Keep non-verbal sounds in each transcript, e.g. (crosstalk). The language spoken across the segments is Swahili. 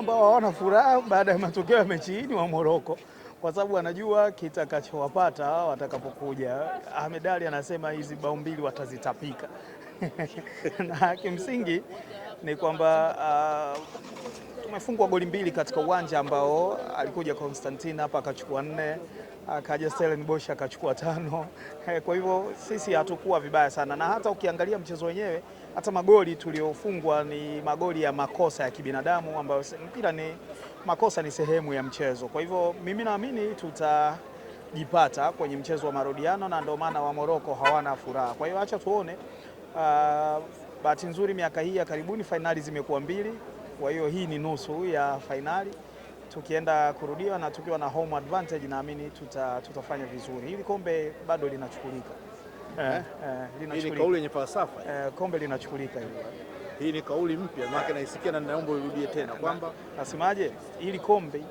ambao hawana furaha baada ya matokeo ya mechi hii ni wa Moroko, kwa sababu anajua kitakachowapata watakapokuja. Ahmed Ally anasema hizi bao mbili watazitapika (laughs) na kimsingi ni kwamba uh, umefungwa goli mbili katika uwanja ambao alikuja Constantine hapa akachukua nne, akaja Stellenbosch akachukua tano. (laughs) Kwa hivyo sisi hatukuwa vibaya sana, na hata ukiangalia mchezo wenyewe, hata magoli tuliofungwa ni magoli ya makosa ya kibinadamu, ambayo mpira ni makosa, ni sehemu ya mchezo. Kwa hivyo mimi naamini tutajipata kwenye mchezo wa marudiano, na ndio maana wa Moroko hawana furaha. Kwa hiyo acha tuone. Uh, bahati nzuri miaka hii ya karibuni fainali zimekuwa mbili. Kwa hiyo hii ni nusu ya fainali, tukienda kurudia na tukiwa na home advantage, naamini tuta, tutafanya vizuri. Hili kombe bado linachukulika eh, eh ni kauli yenye falsafa eh, kombe linachukulika hili. Hii ni kauli mpya maana naisikia na naomba urudie tena kwamba nasemaje, hili kombe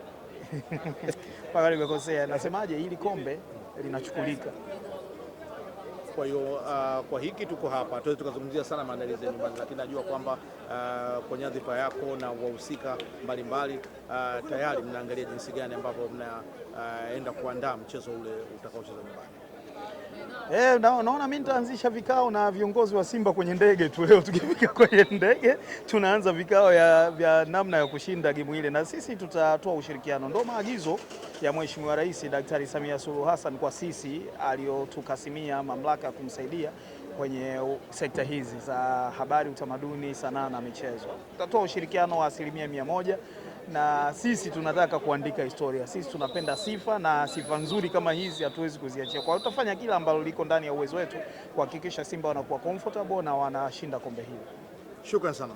(laughs) mpaka nimekosea, nasemaje, hili kombe linachukulika. Kwa hiyo uh, kwa hiki tuko hapa, tuweze tukazungumzia sana maandalizi ya nyumbani, lakini najua kwamba uh, kwa nyadhifa yako na wahusika mbalimbali uh, tayari mnaangalia jinsi gani ambavyo mnaenda uh, kuandaa mchezo ule utakaochezwa nyumbani. Eh, naona mimi nitaanzisha vikao na viongozi wa Simba kwenye ndege tu. Leo (laughs) tukifika kwenye ndege tunaanza vikao vya namna ya kushinda game ile, na sisi tutatoa ushirikiano. Ndio maagizo ya Mheshimiwa Rais Daktari Samia Suluhu Hassan kwa sisi aliyotukasimia mamlaka ya kumsaidia kwenye sekta hizi za habari, utamaduni, sanaa na michezo. Tutatoa ushirikiano wa asilimia mia moja na sisi tunataka kuandika historia. Sisi tunapenda sifa na sifa nzuri kama hizi hatuwezi kuziachia. Kwa hiyo tutafanya kila ambalo liko ndani ya uwezo wetu kuhakikisha Simba wanakuwa comfortable na wanashinda kombe hili. Shukrani sana.